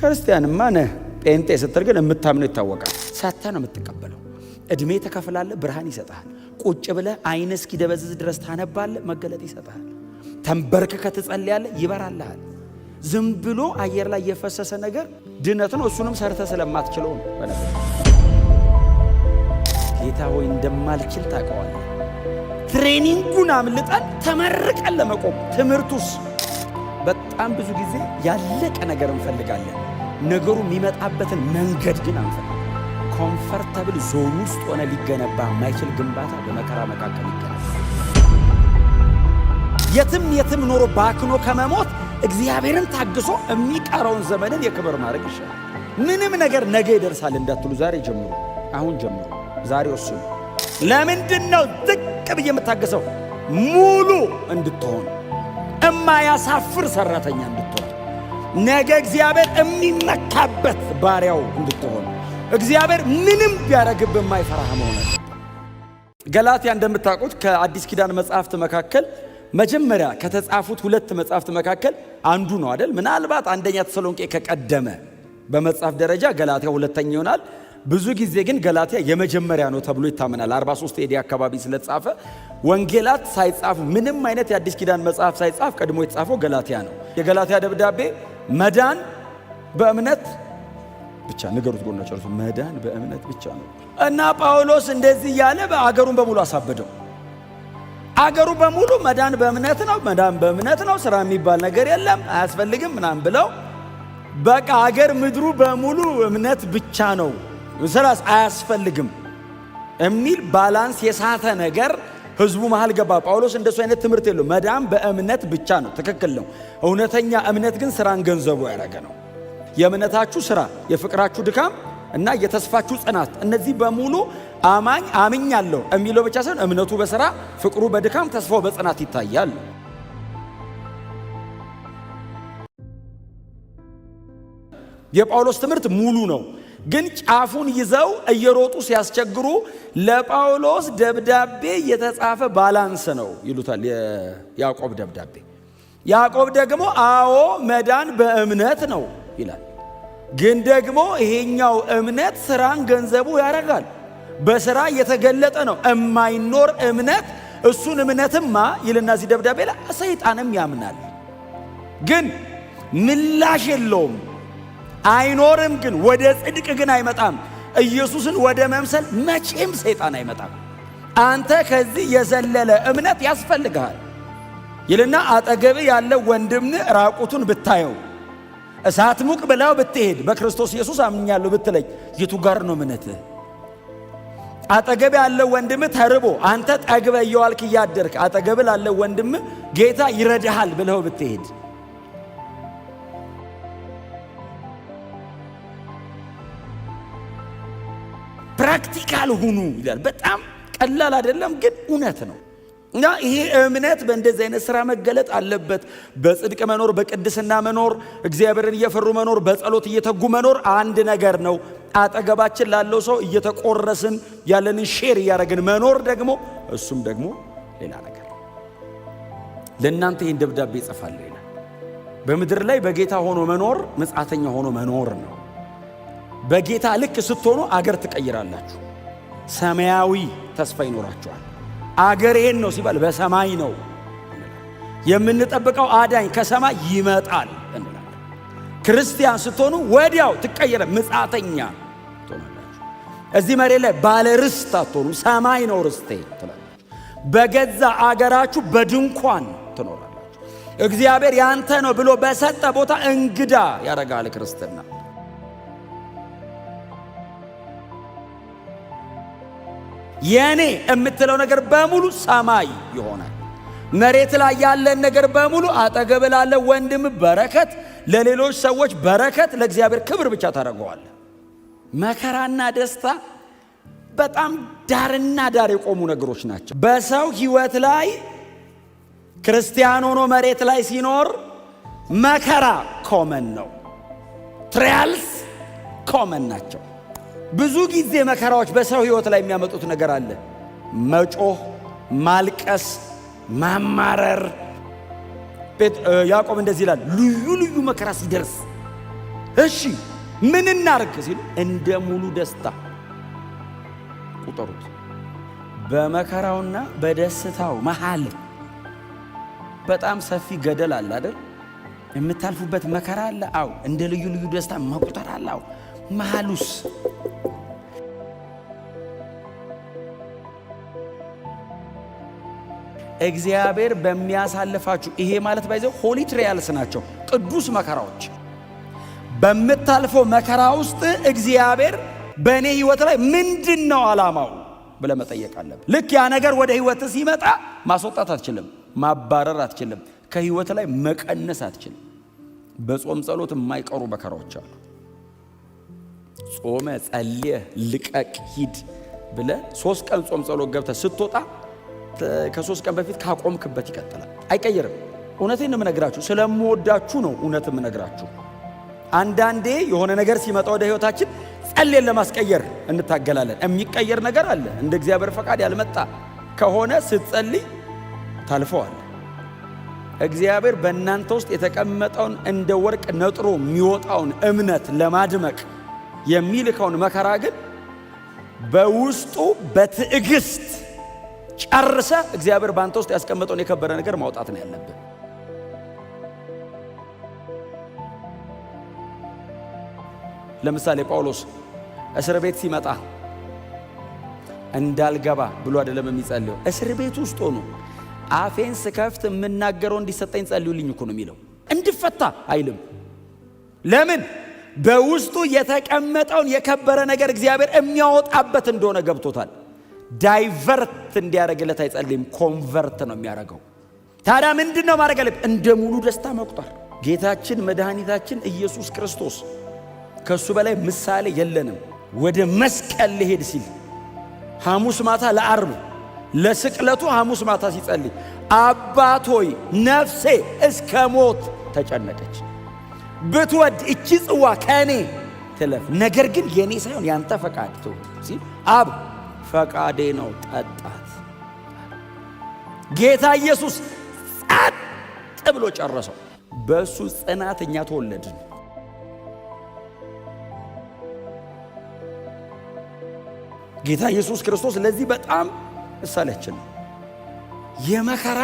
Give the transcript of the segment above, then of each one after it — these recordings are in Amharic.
ክርስቲያንማ ነህ። ጴንጤ ስትል ግን የምታምነው ይታወቃል። ሰተ ነው የምትቀበለው። እድሜ ተከፍላለ፣ ብርሃን ይሰጣል። ቁጭ ብለ አይነ እስኪደበዝዝ ድረስ ታነባለ፣ መገለጥ ይሰጣል። ተንበርክከ ትጸልያለህ፣ ይበራልሃል። ዝም ብሎ አየር ላይ የፈሰሰ ነገር ድነት ነው። እሱንም ሰርተ ስለማትችለው ነው። ጌታ ሆይ እንደማልችል ታውቀዋለህ። ትሬኒንጉን አምልጠን ተመርቀን ለመቆም ትምህርቱስ በጣም ብዙ ጊዜ ያለቀ ነገር እንፈልጋለን። ነገሩ የሚመጣበትን መንገድ ግን አንፈል ኮምፈርተብል ዞን ውስጥ ሆነ ሊገነባ የማይችል ግንባታ በመከራ መካከል ይገነባል። የትም የትም ኖሮ ባክኖ ከመሞት እግዚአብሔርን ታግሶ የሚቀረውን ዘመንን የክብር ማድረግ ይሻላል። ምንም ነገር ነገ ይደርሳል እንዳትሉ ዛሬ ጀምሩ፣ አሁን ጀምሩ፣ ዛሬ ወስኑ። ለምንድን ነው ዝቅ ብዬ የምታገሰው ሙሉ እንድትሆኑ እማያሳፍር ሰራተኛ እንድትሆን ነገ እግዚአብሔር የሚመካበት ባሪያው እንድትሆን እግዚአብሔር ምንም ቢያደረግብ የማይፈራህ መሆነ። ገላትያ እንደምታውቁት ከአዲስ ኪዳን መጽሐፍት መካከል መጀመሪያ ከተጻፉት ሁለት መጽሐፍት መካከል አንዱ ነው አይደል? ምናልባት አንደኛ ተሰሎንቄ ከቀደመ በመጽሐፍ ደረጃ ገላትያ ሁለተኛ ይሆናል። ብዙ ጊዜ ግን ገላትያ የመጀመሪያ ነው ተብሎ ይታመናል። 43 ኤዲ አካባቢ ስለተጻፈ ወንጌላት ሳይጻፉ ምንም አይነት የአዲስ ኪዳን መጽሐፍ ሳይጻፍ ቀድሞ የተጻፈው ገላትያ ነው። የገላትያ ደብዳቤ መዳን በእምነት ብቻ ንገሩት፣ ጎና ጨርሱ። መዳን በእምነት ብቻ ነው እና ጳውሎስ እንደዚህ እያለ አገሩን በሙሉ አሳበደው። አገሩ በሙሉ መዳን በእምነት ነው፣ መዳን በእምነት ነው፣ ስራ የሚባል ነገር የለም፣ አያስፈልግም ምናምን ብለው በቃ አገር ምድሩ በሙሉ እምነት ብቻ ነው፣ ስራስ አያስፈልግም የሚል ባላንስ የሳተ ነገር ህዝቡ መሃል ገባ። ጳውሎስ እንደሱ አይነት ትምህርት የለው። መዳም በእምነት ብቻ ነው። ትክክል ነው። እውነተኛ እምነት ግን ስራን ገንዘቡ ያደረገ ነው። የእምነታችሁ ስራ፣ የፍቅራችሁ ድካም እና የተስፋችሁ ጽናት፣ እነዚህ በሙሉ አማኝ አምኛለሁ የሚለው ብቻ ሳይሆን እምነቱ በስራ ፍቅሩ በድካም ተስፋው በጽናት ይታያል። የጳውሎስ ትምህርት ሙሉ ነው። ግን ጫፉን ይዘው እየሮጡ ሲያስቸግሩ ለጳውሎስ ደብዳቤ የተጻፈ ባላንስ ነው ይሉታል የያዕቆብ ደብዳቤ። ያዕቆብ ደግሞ አዎ መዳን በእምነት ነው ይላል። ግን ደግሞ ይሄኛው እምነት ስራን ገንዘቡ ያደርጋል። በስራ የተገለጠ ነው እማይኖር እምነት። እሱን እምነትማ ይልና እዚህ ደብዳቤ ላይ ሰይጣንም ያምናል፣ ግን ምላሽ የለውም አይኖርም ግን ወደ ጽድቅ ግን አይመጣም። ኢየሱስን ወደ መምሰል መቼም ሰይጣን አይመጣም። አንተ ከዚህ የዘለለ እምነት ያስፈልግሃል ይልና አጠገብ ያለው ወንድምን ራቁቱን ብታየው እሳት ሙቅ ብላው ብትሄድ በክርስቶስ ኢየሱስ አምኛለሁ ብትለኝ የቱ ጋር ነው እምነትህ? አጠገብ ያለው ወንድም ተርቦ አንተ ጠግበ እየዋልክ እያደርክ አጠገብ ላለው ወንድም ጌታ ይረዳሃል ብለው ብትሄድ ፕራክቲካል ሁኑ ይላል። በጣም ቀላል አይደለም፣ ግን እውነት ነው። እና ይሄ እምነት በእንደዚህ አይነት ስራ መገለጥ አለበት። በጽድቅ መኖር፣ በቅድስና መኖር፣ እግዚአብሔርን እየፈሩ መኖር፣ በጸሎት እየተጉ መኖር አንድ ነገር ነው። አጠገባችን ላለው ሰው እየተቆረስን ያለንን ሼር እያደረግን መኖር ደግሞ እሱም ደግሞ ሌላ ነገር ለእናንተ ይህን ደብዳቤ ይጽፋለሁ ይላል። በምድር ላይ በጌታ ሆኖ መኖር መጻተኛ ሆኖ መኖር ነው። በጌታ ልክ ስትሆኑ አገር ትቀይራላችሁ። ሰማያዊ ተስፋ ይኖራችኋል። አገር ይሄን ነው ሲባል በሰማይ ነው የምንጠብቀው። አዳኝ ከሰማይ ይመጣል እንላለን። ክርስቲያን ስትሆኑ ወዲያው ትቀየረ ምጻተኛ ትሆናላችሁ። እዚህ መሬት ላይ ባለ ርስት አትሆኑ፣ ሰማይ ነው ርስቴ ትላላችሁ። በገዛ አገራችሁ በድንኳን ትኖራላችሁ። እግዚአብሔር ያንተ ነው ብሎ በሰጠ ቦታ እንግዳ ያደርጋል ክርስትና የኔ የምትለው ነገር በሙሉ ሰማይ ይሆናል። መሬት ላይ ያለን ነገር በሙሉ አጠገብ ላለ ወንድም በረከት፣ ለሌሎች ሰዎች በረከት፣ ለእግዚአብሔር ክብር ብቻ ታደርገዋለ። መከራና ደስታ በጣም ዳርና ዳር የቆሙ ነገሮች ናቸው። በሰው ሕይወት ላይ ክርስቲያን ሆኖ መሬት ላይ ሲኖር መከራ ኮመን ነው። ትሪያልስ ኮመን ናቸው። ብዙ ጊዜ መከራዎች በሰው ሕይወት ላይ የሚያመጡት ነገር አለ። መጮህ፣ ማልቀስ፣ ማማረር። ያዕቆብ እንደዚህ ይላል፣ ልዩ ልዩ መከራ ሲደርስ እሺ ምን እናርግ ሲሉ እንደ ሙሉ ደስታ ቁጠሩት። በመከራውና በደስታው መሃል በጣም ሰፊ ገደል አለ አይደል? የምታልፉበት መከራ አለ። አው እንደ ልዩ ልዩ ደስታ መቁጠር አለ። አው መሃሉስ እግዚአብሔር በሚያሳልፋችሁ ይሄ ማለት ባይዘ ሆሊ ትሪያልስ ናቸው፣ ቅዱስ መከራዎች። በምታልፈው መከራ ውስጥ እግዚአብሔር በእኔ ህይወት ላይ ምንድን ነው አላማው ብለ መጠየቅ ልክ ያ ነገር ወደ ህይወት ሲመጣ ማስወጣት አትችልም፣ ማባረር አትችልም፣ ከህይወት ላይ መቀነስ አትችልም። በጾም ጸሎት የማይቀሩ መከራዎች አሉ። ጾመ ጸልየ ልቀቅ ሂድ ብለ ሶስት ቀን ጾም ጸሎት ገብተ ስትወጣ ከሶስት ቀን በፊት ካቆምክበት ይቀጥላል፣ አይቀይርም። እውነቴን የምነግራችሁ ስለምወዳችሁ ነው። እውነት የምነግራችሁ አንዳንዴ የሆነ ነገር ሲመጣ ወደ ህይወታችን ጸሌን ለማስቀየር እንታገላለን። የሚቀየር ነገር አለ። እንደ እግዚአብሔር ፈቃድ ያልመጣ ከሆነ ስትጸልይ ታልፈዋል። እግዚአብሔር በእናንተ ውስጥ የተቀመጠውን እንደ ወርቅ ነጥሮ የሚወጣውን እምነት ለማድመቅ የሚልከውን መከራ ግን በውስጡ በትዕግስት ጨርሰ እግዚአብሔር ባንተ ውስጥ ያስቀመጠውን የከበረ ነገር ማውጣት ነው ያለብን። ለምሳሌ ጳውሎስ እስር ቤት ሲመጣ እንዳልገባ ብሎ አይደለም የሚጸልየው። እስር ቤት ውስጥ ሆኖ አፌን ስከፍት የምናገረው እንዲሰጠኝ ጸልዩልኝ እኮ ነው የሚለው። እንድፈታ አይልም። ለምን? በውስጡ የተቀመጠውን የከበረ ነገር እግዚአብሔር የሚያወጣበት እንደሆነ ገብቶታል። ዳይቨርት እንዲያደርግለት አይጸልይም፣ ኮንቨርት ነው የሚያደርገው። ታዲያ ምንድን ነው ማድረግ ያለብን? እንደ ሙሉ ደስታ መቁጠር። ጌታችን መድኃኒታችን ኢየሱስ ክርስቶስ ከእሱ በላይ ምሳሌ የለንም። ወደ መስቀል ሊሄድ ሲል ሐሙስ ማታ ለአርብ ለስቅለቱ ሐሙስ ማታ ሲጸልይ አባቶይ ነፍሴ እስከ ሞት ተጨነቀች፣ ብትወድ እቺ ጽዋ ከእኔ ትለፍ፣ ነገር ግን የእኔ ሳይሆን ያንተ ፈቃድ ትሁን ሲል አብ ፈቃዴ ነው ጠጣት። ጌታ ኢየሱስ ጸጥ ብሎ ጨረሰው። በእሱ ጽናት እኛ ተወለድን። ጌታ ኢየሱስ ክርስቶስ ለዚህ በጣም ነው። የመከራ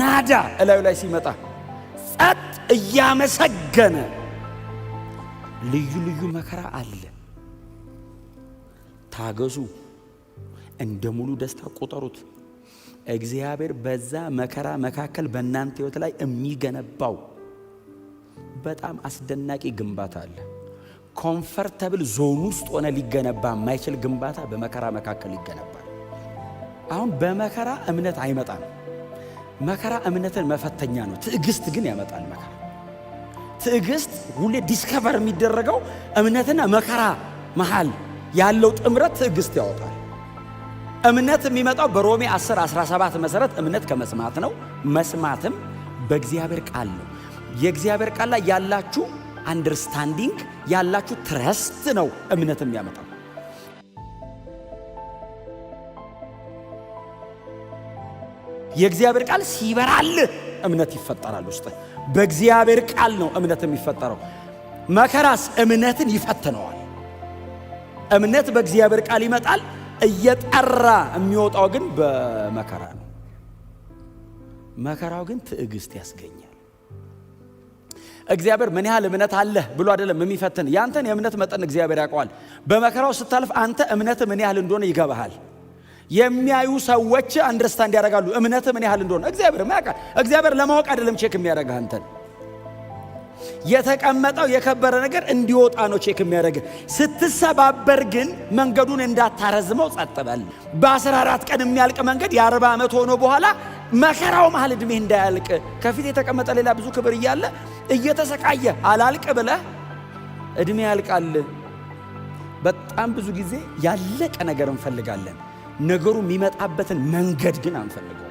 ናዳ እላዩ ላይ ሲመጣ ጸጥ እያመሰገነ ልዩ ልዩ መከራ አለ። ታገሱ። እንደ ሙሉ ደስታ ቁጠሩት። እግዚአብሔር በዛ መከራ መካከል በእናንተ ሕይወት ላይ የሚገነባው በጣም አስደናቂ ግንባታ አለ። ኮምፈርተብል ዞን ውስጥ ሆነ ሊገነባ የማይችል ግንባታ በመከራ መካከል ይገነባል። አሁን በመከራ እምነት አይመጣም። መከራ እምነትን መፈተኛ ነው። ትዕግስት ግን ያመጣል። መከራ ትዕግስት ሁሌ ዲስከቨር የሚደረገው እምነትና መከራ መሃል ያለው ጥምረት ትዕግስት ያወጣል። እምነት የሚመጣው በሮሜ 10 17 መሰረት እምነት ከመስማት ነው፣ መስማትም በእግዚአብሔር ቃል ነው። የእግዚአብሔር ቃል ላይ ያላችሁ አንደርስታንዲንግ ያላችሁ ትረስት ነው እምነት የሚያመጣው። የእግዚአብሔር ቃል ሲበራል እምነት ይፈጠራል ውስጥ በእግዚአብሔር ቃል ነው እምነት የሚፈጠረው። መከራስ እምነትን ይፈትነዋል። እምነት በእግዚአብሔር ቃል ይመጣል። እየጠራ የሚወጣው ግን በመከራ ነው። መከራው ግን ትዕግስት ያስገኛል። እግዚአብሔር ምን ያህል እምነት አለህ ብሎ አይደለም የሚፈትን ያንተን የእምነት መጠን እግዚአብሔር ያውቀዋል። በመከራው ስታልፍ አንተ እምነት ምን ያህል እንደሆነ ይገባሃል። የሚያዩ ሰዎች አንደርስታንድ ያደርጋሉ እምነት ምን ያህል እንደሆነ። እግዚአብሔር ያውቃል። እግዚአብሔር ለማወቅ አይደለም ቼክ የሚያደርግህ አንተን የተቀመጠው የከበረ ነገር እንዲወጣ ነው ቼክ የሚያደርግ። ስትሰባበር ግን መንገዱን እንዳታረዝመው ጸጥበል በ በ14 ቀን የሚያልቅ መንገድ የ40 ዓመት ሆኖ በኋላ መከራው መሃል ዕድሜ እንዳያልቅ ከፊት የተቀመጠ ሌላ ብዙ ክብር እያለ እየተሰቃየ አላልቅ ብለ ዕድሜ ያልቃል። በጣም ብዙ ጊዜ ያለቀ ነገር እንፈልጋለን። ነገሩ የሚመጣበትን መንገድ ግን አንፈልግም።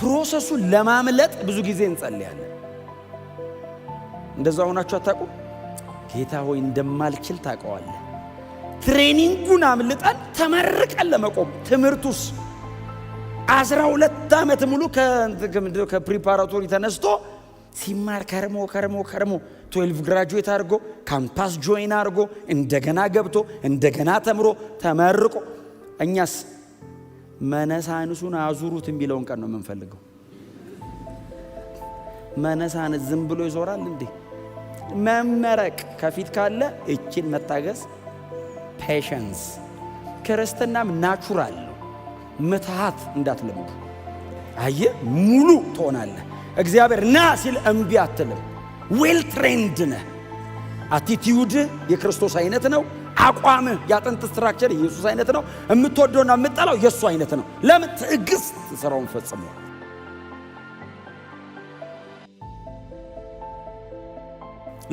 ፕሮሰሱን ለማምለጥ ብዙ ጊዜ እንጸልያለን። እንደዛ ሆናችሁ አታውቁ? ጌታ ሆይ እንደማልችል ታውቀዋለህ። ትሬኒንጉን አምልጠን ተመርቀን ለመቆም ትምህርቱስ አስራ ሁለት ዓመት ሙሉ ከፕሪፓራቶሪ ተነስቶ ሲማር ከርሞ ከርሞ ከርሞ ትዌልቭ ግራጁዌት አድርጎ ካምፓስ ጆይን አድርጎ እንደገና ገብቶ እንደገና ተምሮ ተመርቆ እኛስ መነሳንሱን አዙሩት የሚለውን ቀን ነው የምንፈልገው። መነሳንስ ዝም ብሎ ይዞራል እንዴ? መመረቅ ከፊት ካለ እችን መታገስ ፔሽንስ። ክርስትናም ናቹራል ምትሃት እንዳትለምዱ። አየህ ሙሉ ትሆናለህ። እግዚአብሔር ና ሲል እምቢ አትልም። ዌል ትሬንድ ነህ። አቲቲዩድህ የክርስቶስ አይነት ነው። አቋምህ የአጥንት ስትራክቸር የኢየሱስ አይነት ነው። የምትወደውና የምጠላው የእሱ አይነት ነው። ለምን ትዕግስት ስራውን ፈጽሞ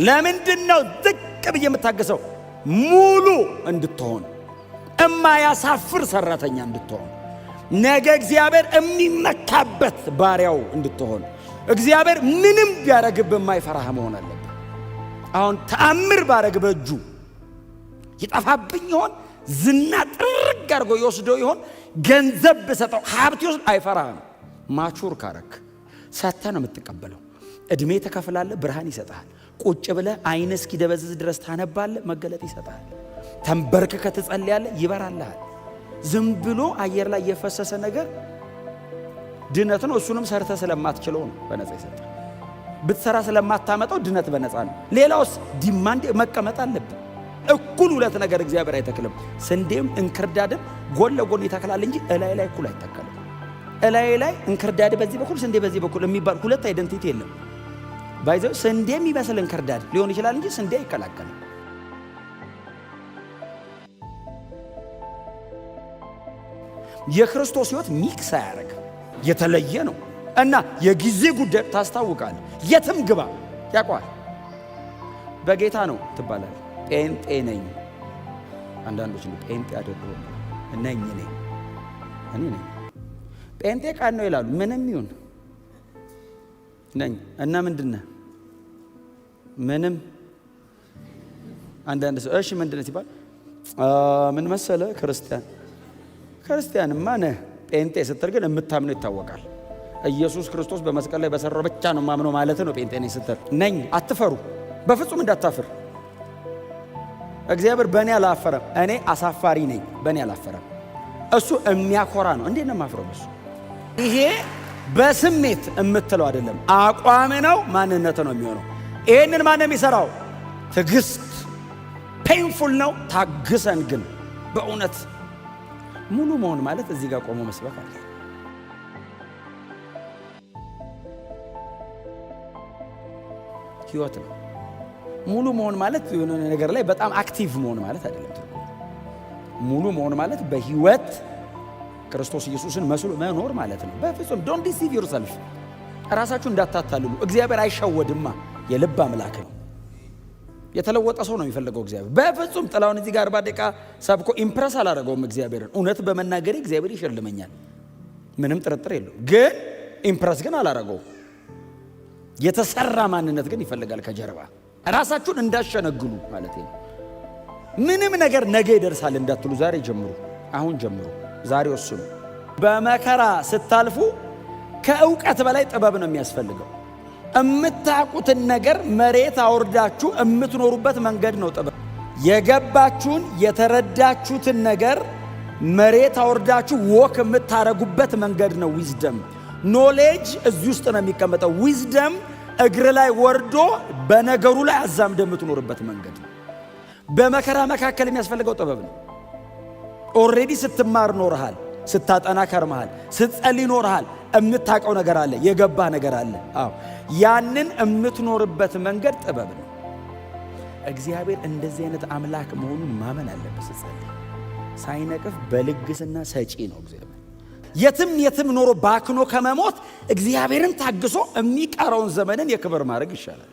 ለምንድን ነው ዝቅ ብዬ የምታገሰው? ሙሉ እንድትሆን እማያሳፍር ሰራተኛ እንድትሆን ነገ እግዚአብሔር የሚመካበት ባሪያው እንድትሆን እግዚአብሔር ምንም ቢያረግብ የማይፈራህ መሆን አለብህ። አሁን ተአምር ባረግ በእጁ ይጠፋብኝ ይሆን? ዝና ጥርግ አድርጎ ይወስደው ይሆን? ገንዘብ ብሰጠው ሀብት ይወስድ? አይፈራህም። ማቹር ካረክ ሰተ ነው የምትቀበለው። እድሜ ተከፍላለ ብርሃን ይሰጣል። ቁጭ ብለ አይነ እስኪደበዝዝ ድረስ ታነባለ፣ መገለጥ ይሰጣል። ተንበርክ ትጸልያለህ፣ ይበራልሃል። ዝም ብሎ አየር ላይ የፈሰሰ ነገር ድነት ነው። እሱንም ሰርተ ስለማትችለው ነው በነጻ ይሰጣል። ብትሰራ ስለማታመጣው ድነት በነፃ ነው። ሌላውስ ዲማንድ መቀመጥ አለብን። እኩል ሁለት ነገር እግዚአብሔር አይተክልም። ስንዴም እንክርዳድም ጎን ለጎን ይተክላል እንጂ እላይ ላይ እኩል አይተከልም። እላይ ላይ እንክርዳድ በዚህ በኩል ስንዴ በዚህ በኩል የሚባል ሁለት አይደንቲቲ የለም። ባይዘው ስንዴ የሚመስል እንክርዳድ ሊሆን ይችላል እንጂ ስንዴ አይከላከልም። የክርስቶስ ህይወት ሚክስ አያደርግ የተለየ ነው እና የጊዜ ጉዳይ ታስታውቃል። የትም ግባ ያውቀዋል። በጌታ ነው ትባላል። ጴንጤ ነኝ። አንዳንዶች ነው ጴንጤ አይደለሁም ነኝ ነኝ እኔ ነኝ ጴንጤ ቃን ነው ይላሉ። ምንም ይሁን ነኝ እና ምንድነ ምንም አንዳንድ ሰው እሺ ምንድነ ሲባል ምን መሰለ ክርስቲያን ክርስቲያንማ ነህ። ጴንጤ ስትል ግን የምታምነው ይታወቃል። ኢየሱስ ክርስቶስ በመስቀል ላይ በሰራው ብቻ ነው ማምነው ማለት ነው። ጴንጤ ነኝ ስትል ነኝ አትፈሩ፣ በፍጹም እንዳታፍር እግዚአብሔር በእኔ አላፈረም። እኔ አሳፋሪ ነኝ፣ በእኔ አላፈረም። እሱ የሚያኮራ ነው። እንዴት ነው የማፍረው? እሱ ይሄ በስሜት የምትለው አይደለም፣ አቋም ነው፣ ማንነት ነው የሚሆነው። ይህንን ማን ነው የሚሰራው? ትግስት ፔንፉል ነው። ታግሰን ግን በእውነት ሙሉ መሆን ማለት እዚህ ጋር ቆሞ መስበክ አለ ህይወት ነው። ሙሉ መሆን ማለት የሆነ ነገር ላይ በጣም አክቲቭ መሆን ማለት አይደለም። ሙሉ መሆን ማለት በህይወት ክርስቶስ ኢየሱስን መስሎ መኖር ማለት ነው። በፍጹም ዶንት ዲሲቭ ዮርሰልፍ፣ ራሳችሁ እንዳታታልሉ። እግዚአብሔር አይሸወድማ፣ የልብ አምላክ ነው። የተለወጠ ሰው ነው የሚፈልገው እግዚአብሔር። በፍጹም ጥላውን እዚህ ጋር ባደቃ ሰብኮ ኢምፕረስ አላደረገውም እግዚአብሔርን። እውነት በመናገሬ እግዚአብሔር ይሸልመኛል፣ ምንም ጥርጥር የለው። ግን ኢምፕረስ ግን አላደረገውም። የተሰራ ማንነት ግን ይፈልጋል ከጀርባ ራሳችሁን እንዳሸነግሉ ማለት ነው። ምንም ነገር ነገ ይደርሳል እንዳትሉ ዛሬ ጀምሩ፣ አሁን ጀምሩ፣ ዛሬ ወስኑ። በመከራ ስታልፉ ከእውቀት በላይ ጥበብ ነው የሚያስፈልገው። እምታቁትን ነገር መሬት አውርዳችሁ የምትኖሩበት መንገድ ነው ጥበብ። የገባችሁን የተረዳችሁትን ነገር መሬት አውርዳችሁ ወክ የምታረጉበት መንገድ ነው ዊዝደም። ኖሌጅ እዚህ ውስጥ ነው የሚቀመጠው ዊዝደም እግር ላይ ወርዶ በነገሩ ላይ አዛምደ የምትኖርበት መንገድ ነው። በመከራ መካከል የሚያስፈልገው ጥበብ ነው። ኦሬዲ ስትማር ኖርሃል፣ ስታጠና ከርመሃል፣ ስትጸል ይኖርሃል። እምታውቀው ነገር አለ፣ የገባ ነገር አለ። አዎ ያንን እምትኖርበት መንገድ ጥበብ ነው። እግዚአብሔር እንደዚህ አይነት አምላክ መሆኑን ማመን አለበት። ስትጸል ሳይነቅፍ በልግስና ሰጪ ነው እግዚአብሔር የትም የትም ኖሮ ባክኖ ከመሞት እግዚአብሔርን ታግሶ የሚቀረውን ዘመንን የክብር ማድረግ ይሻላል።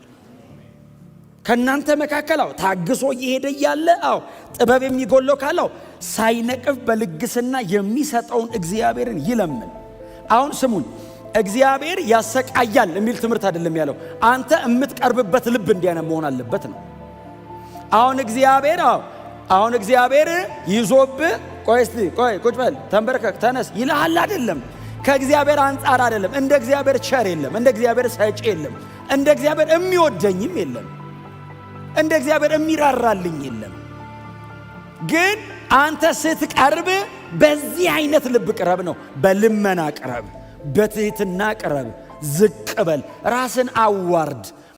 ከእናንተ መካከል አው ታግሶ እየሄደ እያለ አዎ ጥበብ የሚጎለው ካለው ሳይነቅፍ በልግስና የሚሰጠውን እግዚአብሔርን ይለምን። አሁን ስሙኝ፣ እግዚአብሔር ያሰቃያል የሚል ትምህርት አይደለም ያለው። አንተ የምትቀርብበት ልብ እንዲያነ መሆን አለበት ነው። አሁን እግዚአብሔር አዎ አሁን እግዚአብሔር ይዞብ ቆይ ቆይ ቁጭ በል ተንበርከክ ተነስ ይልሃል አይደለም። ከእግዚአብሔር አንጻር አይደለም። እንደ እግዚአብሔር ቸር የለም። እንደ እግዚአብሔር ሰጪ የለም። እንደ እግዚአብሔር የሚወደኝም የለም። እንደ እግዚአብሔር የሚራራልኝ የለም። ግን አንተ ስትቀርብ በዚህ አይነት ልብ ቅረብ ነው። በልመና ቅረብ፣ በትህትና ቅረብ፣ ዝቅ በል፣ ራስን አዋርድ።